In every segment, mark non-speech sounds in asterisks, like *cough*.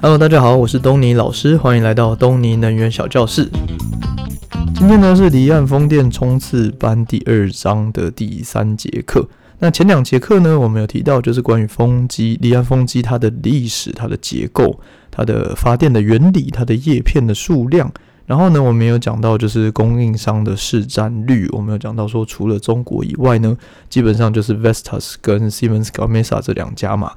Hello，大家好，我是東尼老師，歡迎來到東尼能源小教室。今天呢是離岸風電衝刺班第二章的第三節課。那前兩節課呢，我們有提到就是關於風機，離岸風機它的歷史、它的結構、它的發電的原理、它的葉片的數量。然後呢，我們有講到就是供應商的市佔率，我們有講到說除了中國以外呢，基本上就是 Vestas 跟 Siemens Gamesa 這兩家嘛。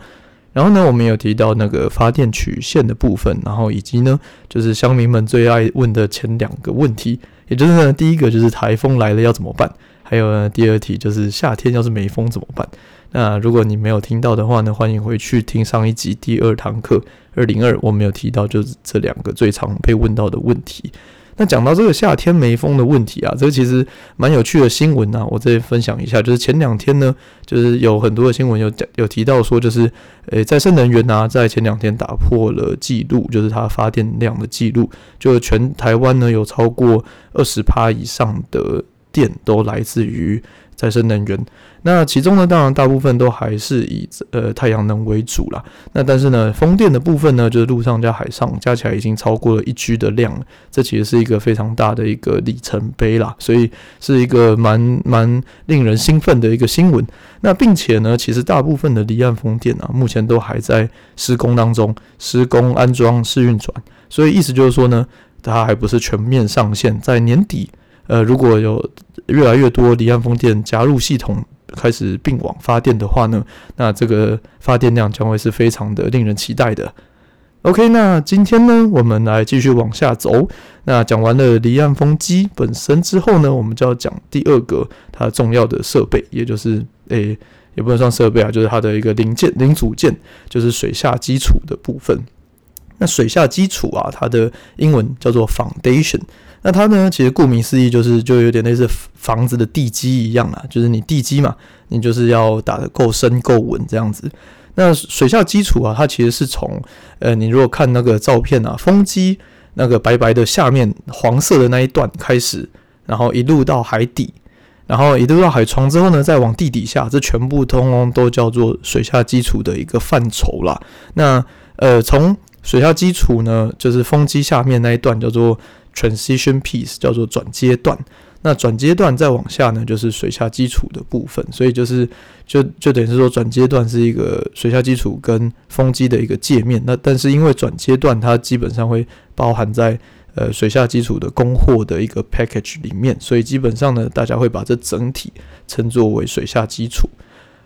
然後呢，我們有提到那個發電曲線的部分，然後以及呢，就是鄉民們最愛問的前兩個問題，也就是呢，第一個就是台風來了要怎麼辦？還有呢，第二題就是夏天要是沒風怎麼辦？那如果你沒有聽到的話呢，歡迎回去聽上一集第二堂課二零二，我們有提到就是這兩個最常被問到的問題。那講到這個夏天沒風的問題啊，這個其實蠻有趣的新聞啊，我這邊分享一下，就是前兩天呢，就是有很多的新聞有講有提到說，就是呃、欸、再生能源呢、啊，在前兩天打破了紀錄，就是它發電量的紀錄，就全台灣呢有超過二十趴以上的電都來自於。再生能源，那其中呢，當然大部分都還是以呃太陽能為主啦。那但是呢，風電的部分呢，就是陸上加海上加起來已經超過了一 G 的量了。這其實是一個非常大的一個里程碑啦，所以是一個蠻蠻令人興奮的一個新聞。那並且呢，其實大部分的離岸風電啊，目前都還在施工當中，施工安裝試運轉。所以意思就是說呢，它還不是全面上線，在年底。呃，如果有越來越多離岸風電加入系統，開始併網發電的話呢，那這個發電量將會是非常的令人期待的。OK，那今天呢，我們來繼續往下走。那講完了離岸風機本身之後呢，我們就要講第二個它重要的設備，也就是誒、欸，也不能算設備啊，就是它的一個零件、零組件，就是水下基礎的部分。那水下基礎啊，它的英文叫做 foundation。那它呢，其實顧名思義，就是就有點類似房子的地基一樣啦、啊。就是你地基嘛，你就是要打得夠深夠穩這樣子。那水下基礎啊，它其實是從呃，你如果看那個照片啊，風機那個白白的下面黃色的那一段開始，然後一路到海底，然後一路到海床之後呢，再往地底下，這全部通通都叫做水下基礎的一個範疇啦。那呃，從水下基礎呢，就是風機下面那一段叫做 transition piece，叫做轉接段。那轉接段再往下呢，就是水下基礎的部分。所以就是，就就等於是說，轉接段是一個水下基礎跟風機的一個界面。那但是因為轉接段它基本上會包含在呃水下基礎的供貨的一個 package 裡面，所以基本上呢，大家會把這整體稱作為水下基礎。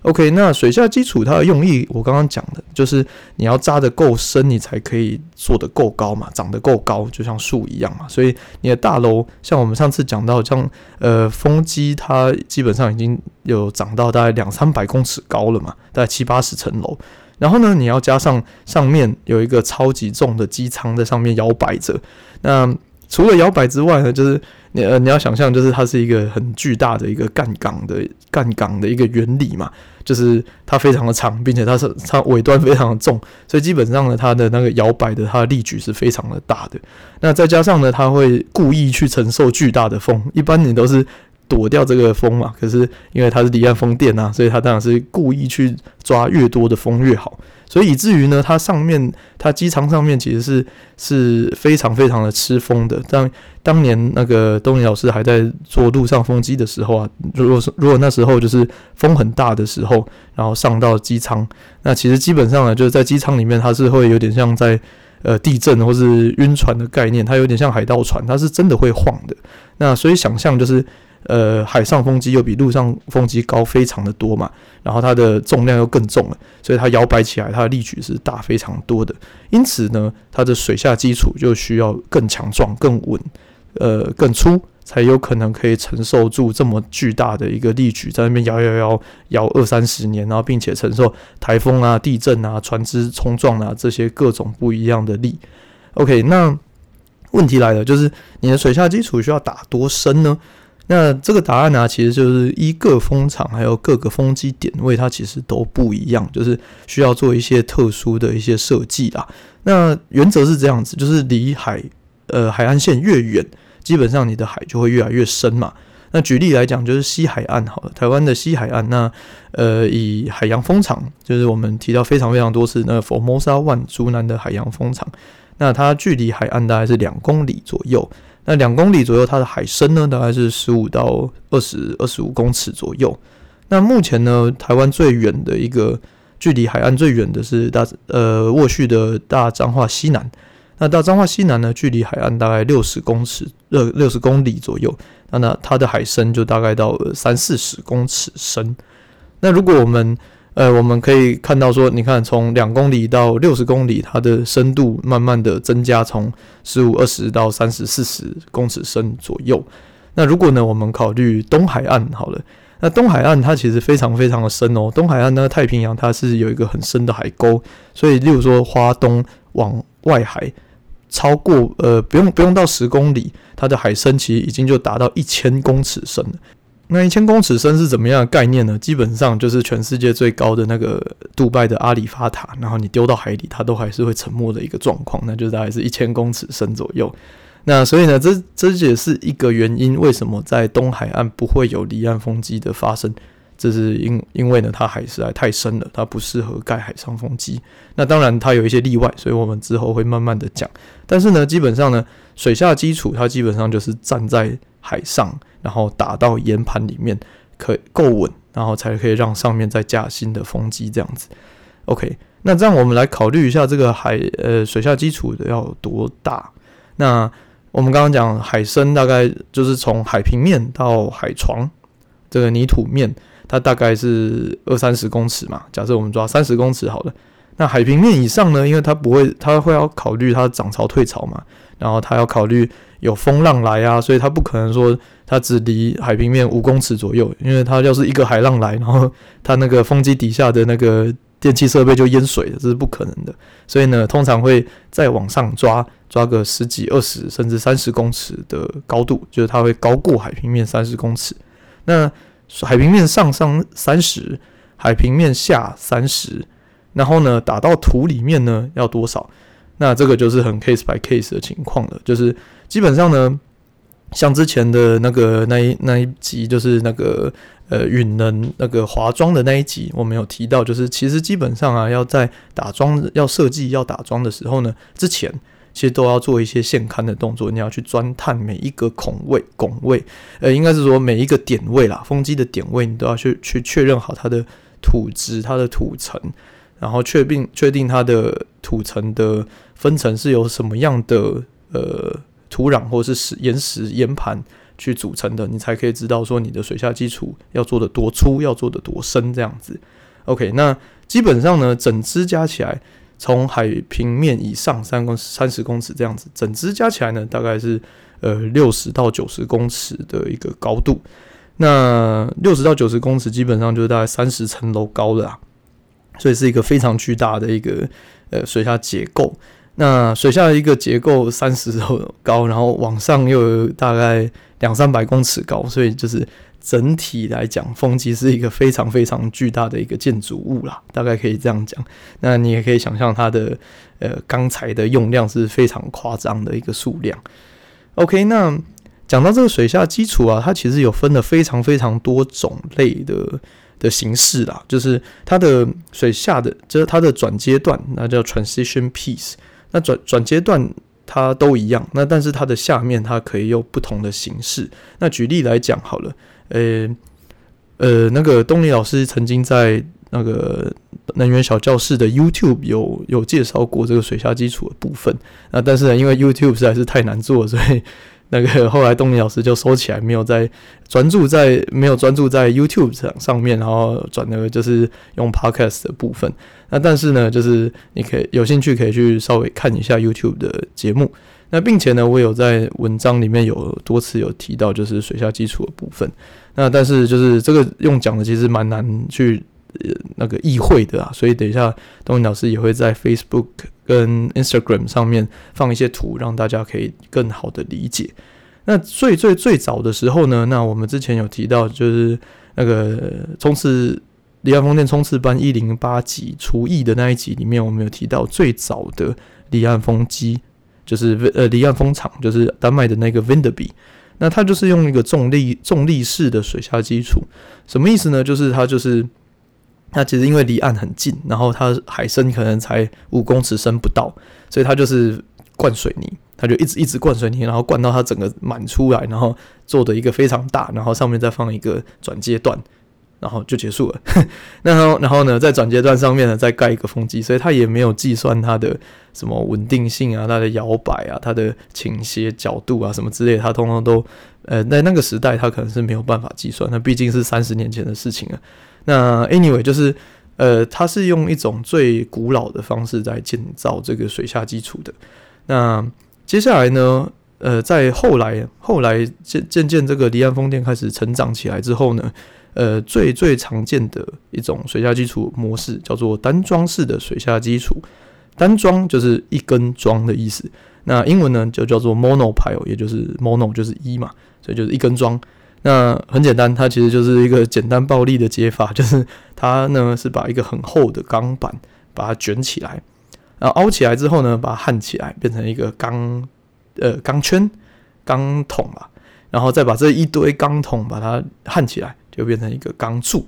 OK，那水下基礎它的用意，我剛剛的，我剛剛講的就是你要扎得夠深，你才可以做得夠高嘛，長得夠高，就像樹一樣嘛。所以你的大樓，像我們上次講到，像呃風機，它基本上已經有長到大概兩三百公尺高了嘛，大概七八十層樓。然後呢，你要加上上面有一個超級重的機艙在上面搖擺着，那。除了搖擺之外呢，就是你呃你要想象就是它是一個很巨大的一個槓桿的槓桿的一個原理嘛，就是它非常的長，並且它是它尾端非常的重，所以基本上呢，它的那個搖擺的它的力矩是非常的大的。那再加上呢，它會故意去承受巨大的風，一般你都是。躲掉這個風嘛，可是因為它是離岸風電吶、啊，所以它當然是故意去抓越多的風越好。所以以至於呢，它上面它機艙上面其實是是非常非常的吃風的。當當年那個東尼老師還在做陸上風機的時候啊，如果是如果那時候就是風很大的時候，然後上到機艙，那其實基本上呢，就是在機艙裡面它是會有點像在呃地震或是暈船的概念，它有點像海盜船，它是真的會晃的。那所以想象就是。呃，海上風機又比陸上風機高非常的多嘛，然後它的重量又更重了，所以它搖擺起來它的力矩是大非常多的，因此呢，它的水下基礎就需要更強壯、更穩、呃更粗，才有可能可以承受住這麼巨大的一個力矩，在那邊搖搖搖搖二三十年，然後並且承受颱風啊、地震啊、船隻衝撞啊這些各種不一樣的力。OK，那問題來了，就是你的水下基礎需要打多深呢？那這個答案呢、啊，其實就是依各風場還有各個風機點位，它其實都不一樣，就是需要做一些特殊的一些設計啦。那原則是這樣子，就是離海呃海岸線越遠，基本上你的海就會越來越深嘛。那舉例來講，就是西海岸好了，台灣的西海岸，那呃以海洋風場，就是我們提到非常非常多次，那 Formosa One 竹南的海洋風場，那它距離海岸大概是兩公里左右。那兩公里左右，它的海深呢，大概是十五到二十二十五公尺左右。那目前呢，台灣最遠的一個距離海岸最遠的是大呃沃旭的大彰化西南。那大彰化西南呢，距離海岸大概六十公尺六六十公里左右。那那它的海深就大概到三四十公尺深。那如果我們呃，我們可以看到說，你看，從兩公里到六十公里，它的深度慢慢的增加，從十五、二十到三十四十公尺深左右。那如果呢，我們考慮東海岸，好了，那東海岸它其實非常非常的深哦。東海岸呢，太平洋它是有一個很深的海溝，所以例如說，花東往外海超過呃，不用不用到十公里，它的海深其實已經就達到一千公尺深了。那一千公尺深是怎麼樣的概念呢？基本上就是全世界最高的那個杜拜的阿里法塔，然後你丟到海裡，它都還是會沉沒的一個狀況，那就大概是一千公尺深左右。那所以呢，這這也是一個原因，為什麼在東海岸不會有離岸風機的發生。這是因因為呢，它海實在太深了，它不適合蓋海上風機。那當然它有一些例外，所以我們之後會慢慢的講。但是呢，基本上呢，水下基礎它基本上就是站在海上，然後打到岩盤裡面，可以夠穩，然後才可以讓上面再架新的風機這樣子。OK，那這樣我們來考慮一下這個海呃，水下基礎的要有多大？那我們剛剛講海深大概就是從海平面到海床這個泥土面，它大概是二三十公尺嘛。假設我們抓三十公尺好了。那海平面以上呢？因為它不會，它會要考慮它漲潮退潮嘛，然後它要考慮有風浪來啊，所以它不可能說它只離海平面五公尺左右，因為它要是一個海浪來，然後它那個風機底下的那個電氣設備就淹水了，這是不可能的。所以呢，通常會再往上抓，抓個十幾、二十甚至三十公尺的高度，就是它會高過海平面三十公尺。那海平面上上三十，海平面下三十。然後呢，打到土裡面呢要多少？那這個就是很 case by case 的情況了。就是基本上呢，像之前的那個那一、那一集，就是那個呃，允能那個滑樁的那一集，我們有提到，就是其實基本上啊，要在打樁要設計要打樁的時候呢，之前其實都要做一些現勘的動作，你要去鑽探每一個孔位、拱位，呃，應該是說每一個點位啦，風機的點位，你都要去去確認好它的土質、它的土層。然後確定確定它的土層的分層是由什麼樣的呃土壤或者是石岩石岩盤去組成的，你才可以知道說你的水下基礎要做的多粗，要做的多深這樣子。OK，那基本上呢，整支加起來從海平面以上三公三十公尺這樣子，整支加起來呢大概是呃六十到九十公尺的一個高度。那六十到九十公尺基本上就是大概三十層樓高了啦。所以是一個非常巨大的一個呃水下結構，那水下的一個結構三十多高，然後往上又有大概兩三百公尺高，所以就是整體來講，風機是一個非常非常巨大的一個建築物啦，大概可以這樣講。那你也可以想象它的呃鋼材的用量是非常誇張的一個數量。OK，那講到這個水下基礎啊，它其實有分了非常非常多種類的。的形式啦，就是它的水下的，就是它的轉階段，那叫 transition piece 那。那轉轉階段它都一樣，那但是它的下面它可以有不同的形式。那舉例來講好了，呃、欸、呃，那個東尼老師曾經在那個能源小教室的 YouTube 有有介紹過這個水下基礎的部分。那但是呢，因為 YouTube 實在是太難做，所以。那個後來東尼老師就收起來，沒有在專注在沒有專注在 YouTube 上面，然後轉了，就是用 Podcast 的部分。那但是呢，就是你可以有興趣可以去稍微看一下 YouTube 的節目。那並且呢，我有在文章裡面有多次有提到，就是水下基礎的部分。那但是就是這個用講的其實蠻難去。呃，那個議會的啊，所以等一下，東尼老師也會在 Facebook 跟 Instagram 上面放一些圖，讓大家可以更好的理解。那最最最早的時候呢，那我們之前有提到，就是那個衝刺離岸風電衝刺班一零八集廚藝的那一集裡面，我們有提到最早的離岸風機，就是呃離岸風場，就是丹麥的那個 Vindeby，那它就是用一個重力重力式的水下基礎，什麼意思呢？就是它就是。那其實因為離岸很近，然後它海深可能才五公尺深不到，所以它就是灌水泥，它就一直一直灌水泥，然後灌到它整個滿出來，然後做的一個非常大，然後上面再放一個轉接段，然後就結束了。那 *laughs* 然，然後呢，在轉接段上面呢，再蓋一個風機，所以它也沒有計算它的什麼穩定性啊、它的搖擺啊、它的傾斜角度啊什麼之類，它通通都呃在那個時代它可能是沒有辦法計算，那畢竟是三十年前的事情了，啊。那 anyway 就是，呃，它是用一種最古老的方式在建造這個水下基礎的。那接下來呢，呃，在後來後來漸漸漸這個離岸風電開始成長起來之後呢，呃，最最常見的一種水下基礎模式叫做單樁式的水下基礎。單樁就是一根樁的意思。那英文呢就叫做 monopile，也就是 mono 就是一嘛，所以就是一根樁。那很簡單，它其實就是一個簡單暴力的解法，就是它呢是把一個很厚的鋼板把它捲起來，然後凹起來之後呢，把它焊起來，變成一個鋼呃鋼圈、鋼筒嘛，然後再把這一堆鋼筒把它焊起來，就變成一個鋼柱。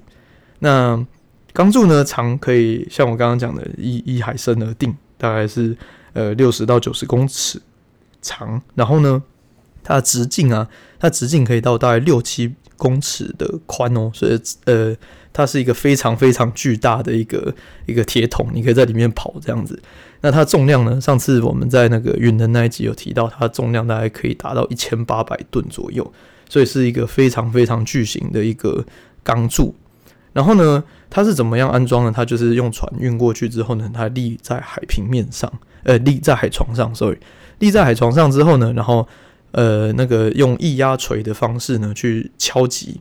那鋼柱呢，長可以像我剛剛講的，依依海深而定，大概是呃六十到九十公尺長，然後呢。它的直徑啊，它直徑可以到大概六七公尺的寬哦，所以呃，它是一個非常非常巨大的一個一個鐵桶，你可以在裡面跑這樣子。那它重量呢？上次我們在那個雲南那一集有提到，它重量大概可以達到一千八百噸左右，所以是一個非常非常巨型的一個鋼柱。然後呢，它是怎麼樣安裝呢？它就是用船運過去之後呢，它立在海平面上，呃，立在海床上，sorry，立在海床上之後呢，然後。呃，那個用液壓錘的方式呢，去敲擊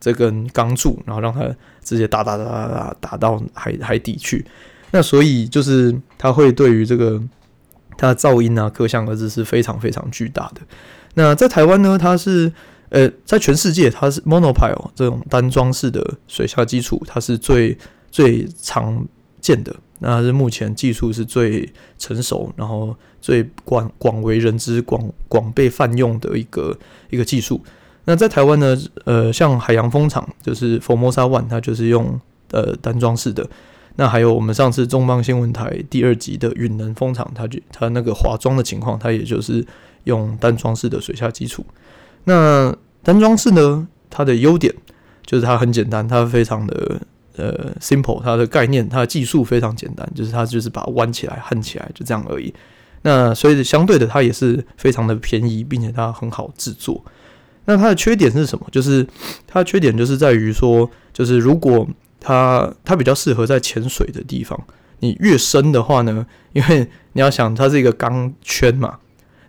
這根鋼柱，然後讓它直接打打打打打打到海海底去。那所以就是它會對於這個它的噪音啊，可想而知是非常非常巨大的。那在台灣呢，它是呃，在全世界它是 monopile 這種單樁式的水下基礎，它是最最常見的，那它是目前技術是最成熟，然後。最廣廣為人知、廣廣被泛用的一個一個技術。那在台灣呢？呃，像海洋風場，就是 Formosa One，它就是用呃單樁式的。那還有我們上次重磅新聞台第二集的允能風場，它就它那個華裝的情況，它也就是用單樁式的水下基礎。那單樁式呢，它的優點就是它很簡單，它非常的呃 simple，它的概念，它的技術非常簡單，就是它就是把彎起來、焊起來，就這樣而已。那所以相對的，它也是非常的便宜，並且它很好製作。那它的缺點是什麼？就是它的缺點就是在於說，就是如果它它比較適合在淺水的地方，你越深的話呢，因為你要想它是一個鋼圈嘛，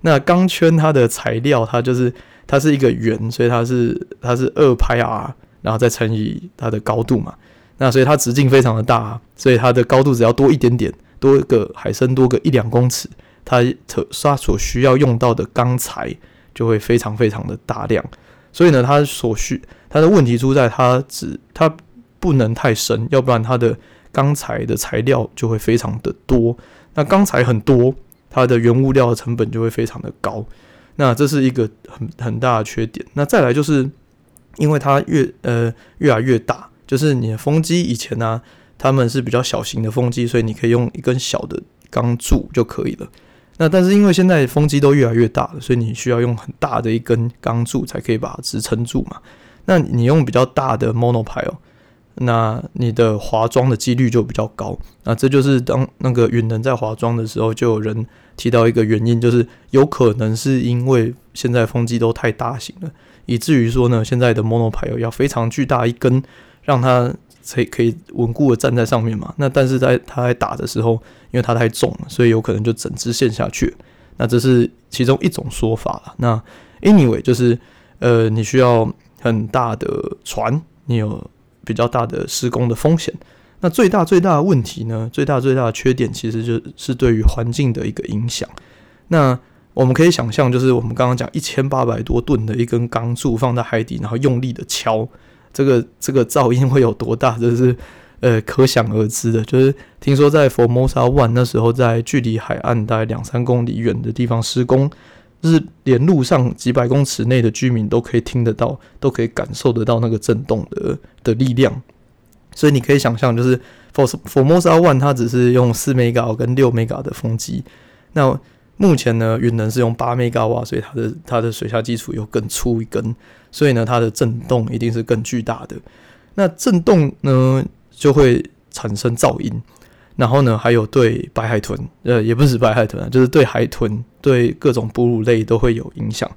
那鋼圈它的材料它就是它是一個圓，所以它是它是 2πr，然後再乘以它的高度嘛。那所以它直徑非常的大，所以它的高度只要多一點點，多一個海深多一個一兩公尺。它它所需要用到的鋼材就會非常非常的大量，所以呢，它所需它的問題出在它只它不能太深，要不然它的鋼材的材料就會非常的多。那鋼材很多，它的原物料的成本就會非常的高。那這是一個很很大的缺點。那再來就是，因為它越呃越來越大，就是你的風機以前呢、啊，他們是比較小型的風機，所以你可以用一根小的鋼柱就可以了。那但是因為現在風機都越來越大了，所以你需要用很大的一根鋼柱，柱才可以把它支撐住嘛。那你用比較大的 monopile 哦，那你的滑樁的幾率就比較高。那這就是當那個雲能在滑樁的時候，就有人提到一個原因，就是有可能是因為現在風機都太大型了，以至於說呢，現在的 monopile 要非常巨大一根，讓它。可以可以穩固的站在上面嘛。那但是在它在打的時候，因為它太重了，所以有可能就整隻陷下去。那這是其中一種說法了。那 anyway，就是呃，你需要很大的船，你有比較大的施工的風險。那最大最大的問題呢，最大最大的缺點其實就是，是對於環境的一個影響。那我們可以想象，就是我們剛剛講一千八百多噸的一根鋼柱放在海底，然後用力的敲。這個這個噪音會有多大？這是呃，可想而知的。就是聽說在 Formosa One 那時候，在距離海岸大概兩三公里遠的地方施工，就是連路上幾百公尺內的居民都可以聽得到，都可以感受得到那個震動的的力量。所以你可以想象，就是 Form Formosa One 它只是用四 mega 跟六 mega 的風機，那。目前呢，云能是用八米高瓦，所以它的它的水下基礎有更粗一根，所以呢，它的震動一定是更巨大的。那震動呢，就會產生噪音，然後呢，還有對白海豚，呃，也不是白海豚、啊，就是對海豚、對各種哺乳類都會有影響。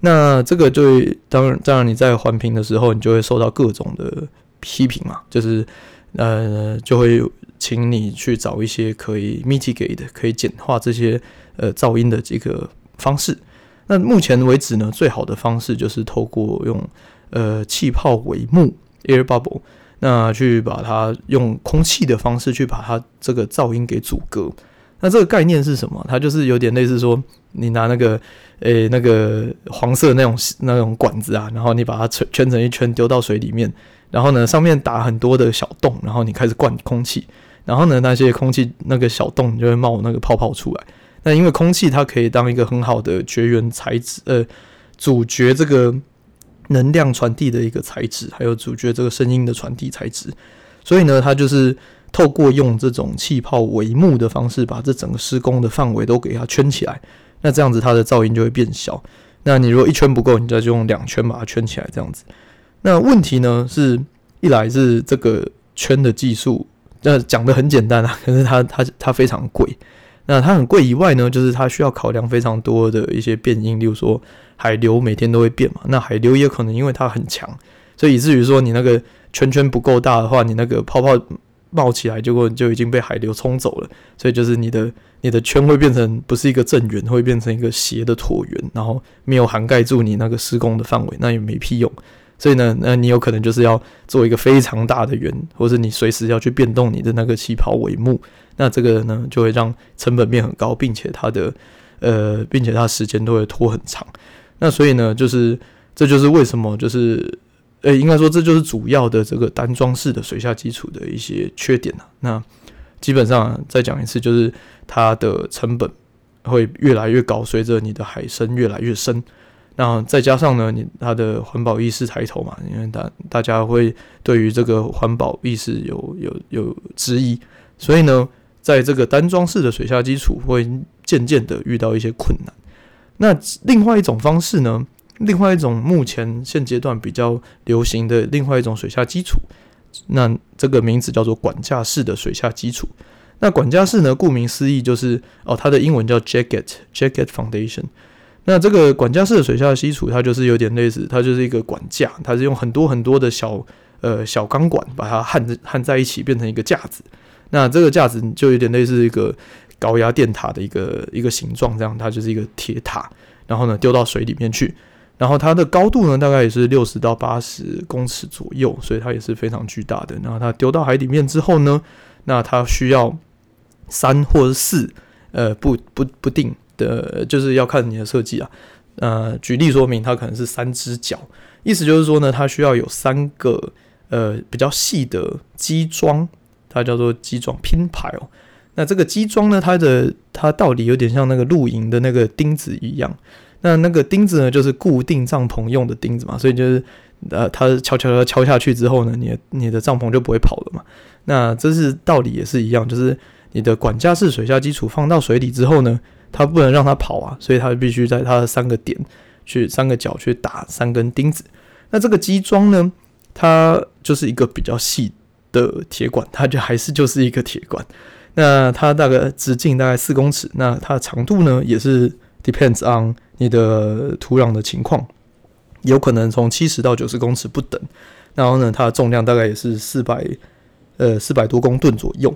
那這個就當然，當然你在環評的時候，你就會受到各種的批評嘛，就是呃，就會請你去找一些可以 mitigate 的，可以簡化這些。呃，噪音的這個方式。那目前為止呢，最好的方式就是透過用呃氣泡帷幕 （air bubble） 那去把它用空氣的方式去把它這個噪音給阻隔。那這個概念是什麼？它就是有點類似說，你拿那個誒、欸、那個黃色那種那種管子啊，然後你把它圈成一圈，丟到水裡面，然後呢，上面打很多的小洞，然後你開始灌空氣，然後呢，那些空氣那個小洞就會冒那個泡泡出來。那因為空氣它可以當一個很好的絕緣材質，呃，阻絕這個能量傳遞的一個材質，還有阻絕這個聲音的傳遞材質，所以呢，它就是透過用這種氣泡帷幕的方式，把這整個施工的範圍都給它圈起來。那這樣子它的噪音就會變小。那你如果一圈不夠，你就要用兩圈把它圈起來，這樣子。那問題呢是，一來是這個圈的技術，那講得很簡單啊，可是它它它非常貴。那它很貴以外呢，就是它需要考量非常多的一些變因，例如說海流每天都會變嘛。那海流也可能因為它很強，所以以至於說你那個圈圈不夠大的話，你那個泡泡冒起來就，結果就已經被海流沖走了。所以就是你的你的圈會變成不是一個正圓，會變成一個斜的橢圓，然後沒有涵蓋住你那個施工的範圍，那也沒屁用。所以呢，那你有可能就是要做一個非常大的圓，或是你隨時要去變動你的那個氣泡帷幕。那這個呢，就會讓成本變很高，並且它的，呃，並且它的時間都會拖很長。那所以呢，就是這就是為什麼就是，呃、欸，應該說這就是主要的這個單樁式的水下基礎的一些缺點了、啊。那基本上、啊、再講一次，就是它的成本會越來越高，隨着你的海深越來越深。那再加上呢，你它的環保意識抬頭嘛，因為大大家會對於這個環保意識有有有質疑，所以呢。在這個單樁式的水下基礎會漸漸的遇到一些困難。那另外一種方式呢？另外一種目前現階段比較流行的另外一種水下基礎，那這個名字叫做管架式的水下基礎。那管架式呢？顧名思義就是哦，它的英文叫 jacket jacket foundation。那這個管架式的水下基礎，它就是有點類似，它就是一個管架，它是用很多很多的小呃小鋼管把它焊焊在一起，變成一個架子。那這個架子就有點類似一個高壓電塔的一個一個形狀，這樣它就是一個鐵塔，然後呢，丟到水裡面去，然後它的高度呢，大概也是六十到八十公尺左右，所以它也是非常巨大的。然後它丟到海裡面之後呢，那它需要三或者四，呃不不不定的，就是要看你的設計啊。呃，舉例說明，它可能是三隻腳，意思就是說呢，它需要有三個呃比較細的基樁。它叫做基樁拼排哦，那這個基樁呢，它的它道理有點像那個露營的那個釘子一樣，那那個釘子呢，就是固定帳篷用的釘子嘛，所以就是呃，它敲敲敲敲下去之後呢，你的你的帳篷就不會跑了嘛。那這是道理也是一樣，就是你的管架式水下基礎放到水裡之後呢，它不能讓它跑啊，所以它必須在它的三個點去三個角去打三根釘子。那這個基樁呢，它就是一個比較細的。的鐵管，它就還是就是一個鐵管，那它大概直徑大概四公尺，那它的長度呢也是 depends on 你的土壤的情況，有可能從七十到九十公尺不等，然後呢，它的重量大概也是四百呃四百多公噸左右，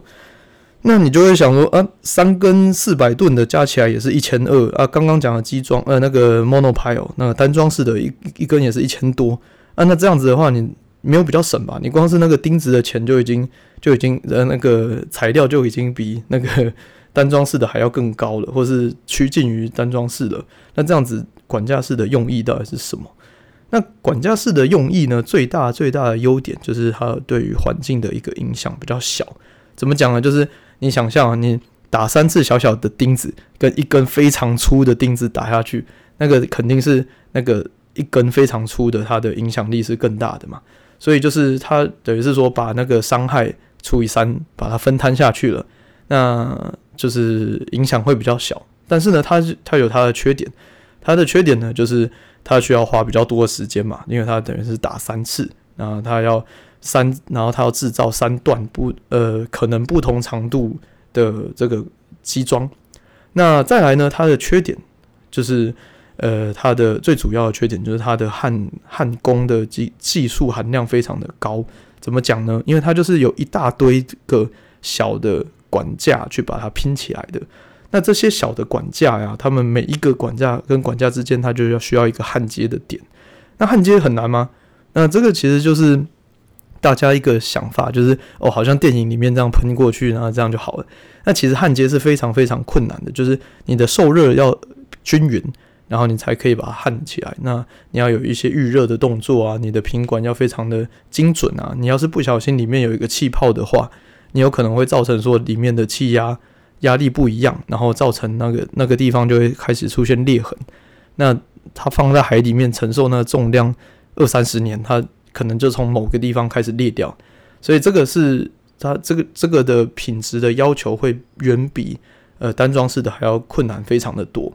那你就會想說啊，三根四百噸的加起來也是一千二啊，剛剛講的基樁呃那個 monopile，那個單樁式的一一根也是一千多啊，那這樣子的話你。沒有比較省吧？你光是那個釘子的錢就已經就已經呃那個材料就已經比那個單樁式的還要更高了，或是趨近於單樁式的。那這樣子管架式的用意到底是什麼？那管架式的用意呢？最大最大的優點就是它對於環境的一個影響比較小。怎麼講呢？就是你想象、啊、你打三次小小的釘子，跟一根非常粗的釘子打下去，那個肯定是那個一根非常粗的，它的影響力是更大的嘛。所以就是他等於是說把那個傷害除以三，把它分攤下去了，那就是影響會比較小。但是呢，它它有它的缺點，它的缺點呢就是它需要花比較多的時間嘛，因為它等於是打三次，然後它要三，然後它要制造三段不呃可能不同長度的這個基樁。那再來呢，它的缺點就是。呃，它的最主要的缺點就是它的焊焊工的技技術含量非常的高。怎麼講呢？因為它就是有一大堆個小的管架去把它拼起來的。那這些小的管架呀、啊，他們每一個管架跟管架之間，它就要需要一個焊接的點。那焊接很難嗎？那這個其實就是大家一個想法，就是哦，好像電影裡面這樣噴過去，然後這樣就好了。那其實焊接是非常非常困難的，就是你的受熱要均勻。然後你才可以把它焊起來。那你要有一些預熱的動作啊，你的品管要非常的精準啊。你要是不小心裡面有一個氣泡的話，你有可能會造成說裡面的氣壓壓力不一樣，然後造成那個那個地方就會開始出現裂痕。那它放在海裡面承受那重量二三十年，它可能就從某個地方開始裂掉。所以這個是它這個這個的品質的要求會遠比呃單樁式的還要困難非常的多。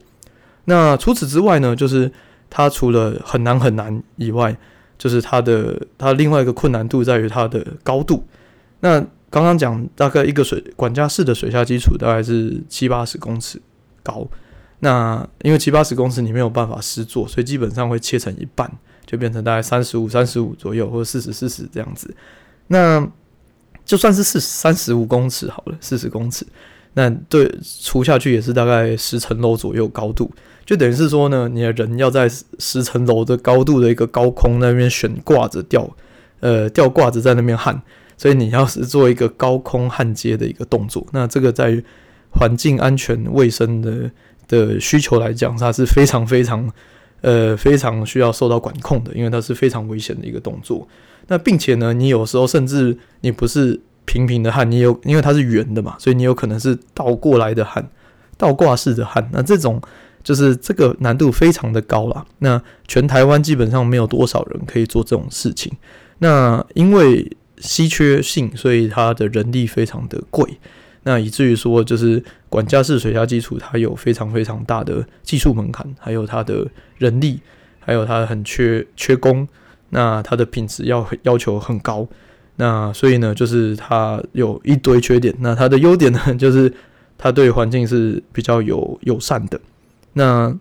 那除此之外呢，就是它除了很難很難以外，就是它的它另外一個困難度在於它的高度。那剛剛講大概一個水管架式的水下基礎大概是七八十公尺高，那因為七八十公尺你沒有辦法施作，所以基本上會切成一半，就變成大概三十五、三十五左右，或者四十四十這樣子。那就算是四三十五公尺好了，四十公尺，那對除下去也是大概十層樓左右高度。就等於是說呢，你的人要在十層樓的高度的一個高空那邊懸掛着吊，呃，吊掛着在那邊焊，所以你要是做一個高空焊接的一個動作，那這個在環境安全衛生的的需求來講，它是非常非常呃非常需要受到管控的，因為它是非常危險的一個動作。那並且呢，你有時候甚至你不是平平的焊，你有因為它是圓的嘛，所以你有可能是倒過來的焊，倒掛式的焊，那這種。就是這個難度非常的高啦，那全台灣基本上沒有多少人可以做這種事情。那因為稀缺性，所以它的人力非常的貴。那以至於說，就是管架式水下基礎，它有非常非常大的技術門檻，還有它的人力，還有它很缺缺工。那它的品質要要求很高。那所以呢，就是它有一堆缺點。那它的優點呢，就是它對環境是比較有友善的。那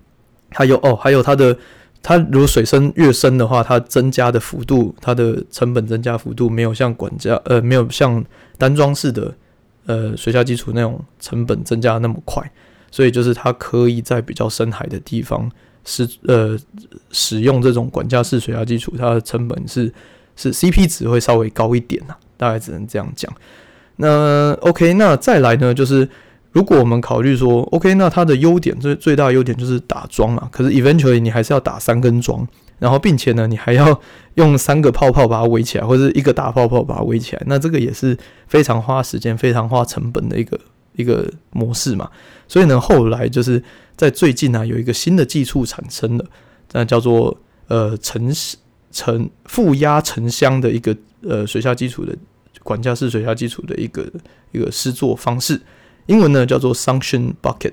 還有哦，還有它的，它如果水深越深的話，它增加的幅度，它的成本增加幅度沒有像管架呃，沒有像單樁式的呃水下基礎那種成本增加那麼快，所以就是它可以在比較深海的地方使呃使用這種管架式水下基礎，它的成本是是 CP 值會稍微高一點吶、啊，大概只能這樣講。那 OK，那再來呢，就是。如果我們考慮說，OK，那它的優點最最大優點就是打樁嘛。可是 eventually 你還是要打三根樁，然後並且呢，你還要用三個泡泡把它圍起來，或者一個大泡泡把它圍起來。那這個也是非常花時間、非常花成本的一個一個模式嘛。所以呢，後來就是在最近呢、啊，有一個新的技術產生了，那叫做呃沉沉負壓沉箱的一個呃水下基礎的管架式水下基礎的一個一個施作方式。英文呢叫做 suction bucket，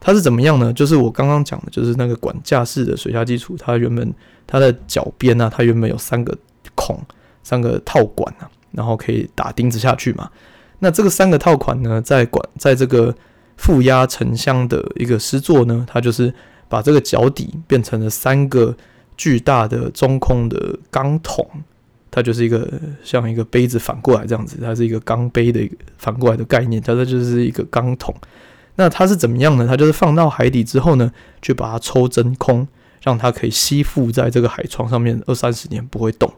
它是怎麼樣呢？就是我剛剛講的，就是那個管架式的水下基礎，它原本它的腳邊呢，它原本有三個孔，三個套管啊，然後可以打釘子下去嘛。那這個三個套管呢，在管在這個負壓沉箱的一個施作呢，它就是把這個腳底變成了三個巨大的中空的鋼筒。它就是一個像一個杯子反過來這樣子，它是一個鋼杯的反過來的概念，它這就是一個鋼桶。那它是怎麼樣呢？它就是放到海底之後呢，去把它抽真空，讓它可以吸附在這個海床上面二三十年不會動。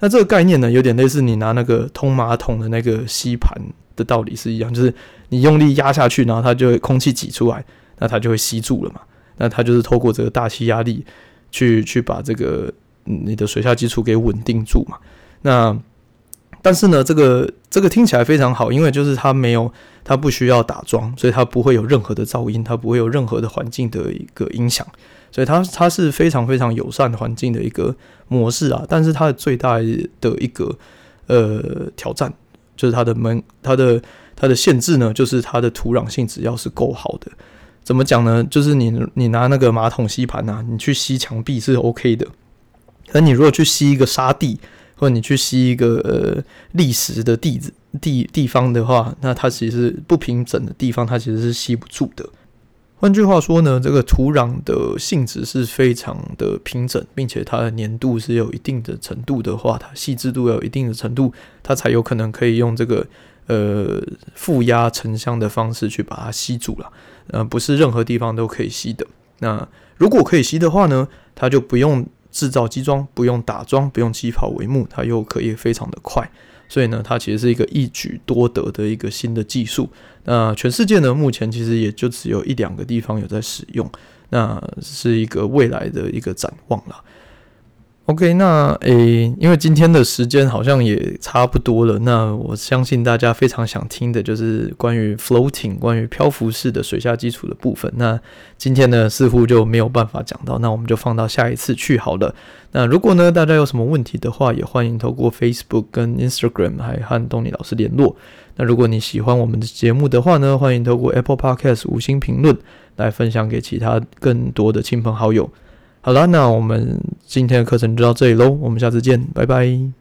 那這個概念呢，有點類似你拿那個通馬桶的那個吸盤的道理是一樣，就是你用力壓下去，然後它就會空氣擠出來，那它就會吸住了嘛。那它就是透過這個大氣壓力去去把這個。你的水下基礎給穩定住嘛。那但是呢，這個這個聽起來非常好，因為就是它沒有，它不需要打樁，所以它不會有任何的噪音，它不會有任何的環境的一個影響，所以它它是非常非常友善環境的一個模式啊。但是它的最大的一個呃挑戰就是它的門，它的它的限制呢，就是它的土壤性質要是夠好的。怎麼講呢？就是你你拿那個馬桶吸盤啊，你去吸牆壁是 OK 的。那你如果去吸一個沙地，或者你去吸一個呃礫石的地地地方的話，那它其實不平整的地方，它其實是吸不住的。換句話說呢，這個土壤的性質是非常的平整，並且它的粘度是有一定的程度的話，它細緻度有一定的程度，它才有可能可以用這個呃負壓沉箱的方式去把它吸住了。呃，不是任何地方都可以吸的。那如果可以吸的話呢，它就不用。製造機裝不用打樁，不用氣泡帷幕，它又可以非常的快，所以呢，它其實是一個一舉多得的一個新的技術。那全世界呢，目前其實也就只有一兩個地方有在使用，那是一個未來的一個展望了。OK，那誒，因為今天的時間好像也差不多了，那我相信大家非常想聽的就是關於 floating，關於漂浮式的水下基礎的部分。那今天呢似乎就沒有辦法講到，那我們就放到下一次去好了。那如果呢大家有什麼問題的話，也歡迎透過 Facebook 跟 Instagram 還和東尼老師聯絡。那如果你喜歡我們的節目的話呢，歡迎透過 Apple Podcast 五星評論來分享給其他更多的親朋好友。好啦，那我們今天的課程就到這裡嘍，我們下次見，拜拜。